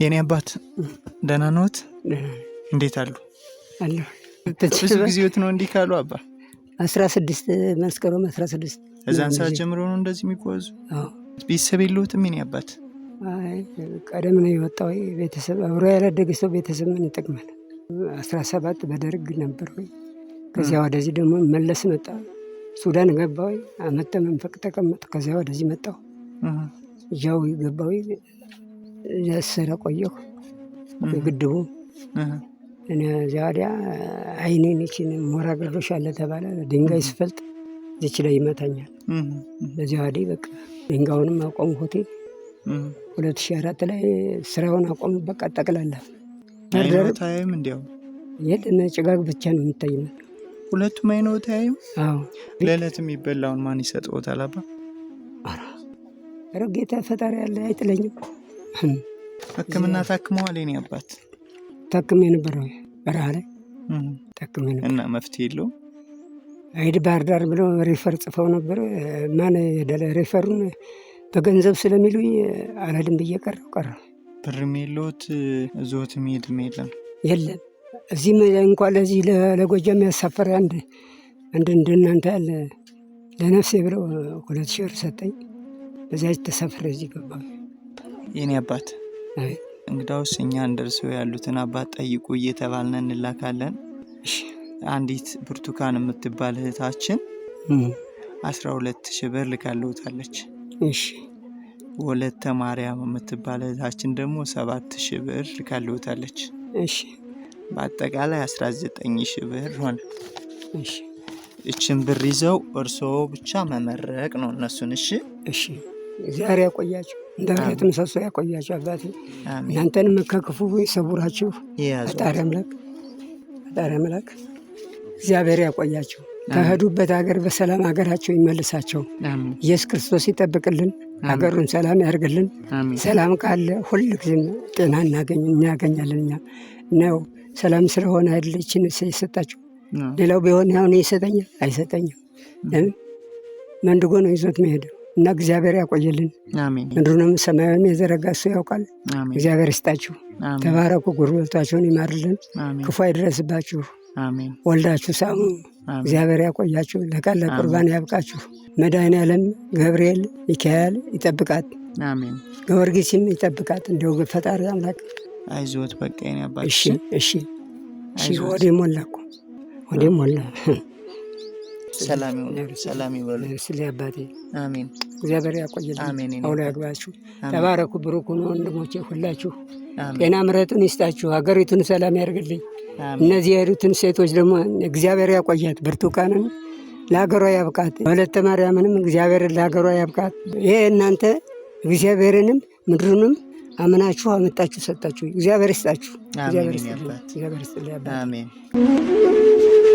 የኔ አባት ደህና ነዎት? እንዴት አሉ? ብዙ ጊዜዎት ነው እንዲህ ካሉ አባ? አስራ ስድስት መስከረም አስራ ስድስት እዛን ሰዓት ጀምሮ ነው እንደዚህ የሚጓዙ። ቤተሰብ የለዎትም? የኔ አባት ቀደም ነው የወጣው። ቤተሰብ አብሮ ያላደገ ሰው ቤተሰብ ምን ይጠቅማል? አስራ ሰባት በደርግ ነበር ወይ ከዚያ ወደዚህ ደግሞ መለስ መጣ። ሱዳን ገባዊ አመተ መንፈቅ ተቀመጥ። ከዚያ ወደዚህ መጣሁ። ያው ገባዊ ያሰረ ቆየሁ። ግድቡ እዚያ ወዲያ አይኔን ይችን ሞራ ግርዶሽ አለ ተባለ። ድንጋይ ስፈልጥ ዝች ላይ ይመታኛል። በዚያ ወዲህ በቃ ድንጋዩንም አቆም ሆቴ ሁለት ሺህ አራት ላይ ስራውን አቆም በቃ ጠቅላላ ታይም እንዲያው የለ ጭጋግ ብቻ ነው የሚታይነት ሁለቱም አይኖት ያዩ። ለዕለት የሚበላውን ማን ይሰጥዎታል? አባ ኧረ ጌታ ፈጣሪ ያለ አይጥለኝም። ሕክምና ታክመዋል? የኔ አባት ታክሜ ነበረ በረሃ ላይ ታክሜ ነበር እና መፍትሄ የለውም። አይድ ባህር ዳር ብለው ሪፈር ጽፈው ነበር። ማን ሪፈሩን በገንዘብ ስለሚሉኝ አልሄድም ብዬ ቀረሁ ቀረሁ። ብርም የለዎት? እዞት የሚሄድም የለም የለም እዚህም እንኳ ለዚህ ለጎጃም ያሳፈረ አንድ አንድ እንደናንተ ያለ ለነፍሴ ብለው ሁለት ሺህ ብር ሰጠኝ። በዚያች ተሳፍረ እዚህ ገባ። የኔ አባት እንግዳውስ እኛ እንደርሰው ያሉትን አባት ጠይቁ እየተባልነ እንላካለን። አንዲት ብርቱካን የምትባል እህታችን አስራ ሁለት ሺህ ብር ልካለውታለች። ወለተ ማርያም የምትባል እህታችን ደግሞ ሰባት ሺህ ብር ልካለውታለች። በአጠቃላይ 19 ሺ ብር ሆነ። እችን ብር ይዘው እርስዎ ብቻ መመረቅ ነው እነሱን። እሺ እሺ፣ እግዚአብሔር ያቆያቸው እንደ ብረት ምሰሶ ያቆያቸው አባቴ። እናንተንም ከክፉ ይሰውራችሁ ፈጣሪ አምላክ፣ ፈጣሪ አምላክ እግዚአብሔር ያቆያችሁ። ከሄዱበት ሀገር በሰላም ሀገራቸው ይመልሳቸው። ኢየሱስ ክርስቶስ ይጠብቅልን፣ ሀገሩን ሰላም ያደርግልን። ሰላም ካለ ሁልጊዜም ጤና እናገኝ እናያገኛለን እኛ ነው ሰላም ስለሆነ አይደለችን የሰጣቸው። ሌላው ቢሆን ሁን ይሰጠኛል አይሰጠኝም። ለምን መንድጎ ነው ይዞት መሄደው እና እግዚአብሔር ያቆየልን። ምድሩንም ሰማያዊም የዘረጋ እሱ ያውቃል። እግዚአብሔር ይስጣችሁ፣ ተባረኩ፣ ጉርበልቷቸውን ይማርልን፣ ክፉ አይድረስባችሁ። ወልዳችሁ ሳሙ። እግዚአብሔር ያቆያችሁ፣ ለቃል ለቁርባን ያብቃችሁ። መድኃኔዓለም ገብርኤል፣ ሚካኤል ይጠብቃት፣ ጊዮርጊስም ይጠብቃት። እንዲሁ ፈጣሪ አምላክ አይዞት በቃ ኔ አባት። እሺ እሺ ወደ ሞላ እኮ ወደ ሞላ። ሰላም ይሁን ሰላም ይበሉ ስለ አባቴ አሜን። እግዚአብሔር ያቆየልን። አውላ ያግባችሁ። ተባረኩ፣ ብሩክ ሁኑ ወንድሞቼ ሁላችሁ። ጤና ምረጡን ይስጣችሁ። ሀገሪቱን ሰላም ያደርግልኝ። እነዚህ የሄዱትን ሴቶች ደግሞ እግዚአብሔር ያቆያት። ብርቱካንን ለሀገሯ ያብቃት። ወለተ ማርያምንም እግዚአብሔር ለሀገሯ ያብቃት። ይሄ እናንተ እግዚአብሔርንም ምድሩንም አምናችሁ አመጣችሁ ሰጣችሁ። እግዚአብሔር ይስጣችሁ። እግዚአብሔር ይስጥልኝ። አሜን።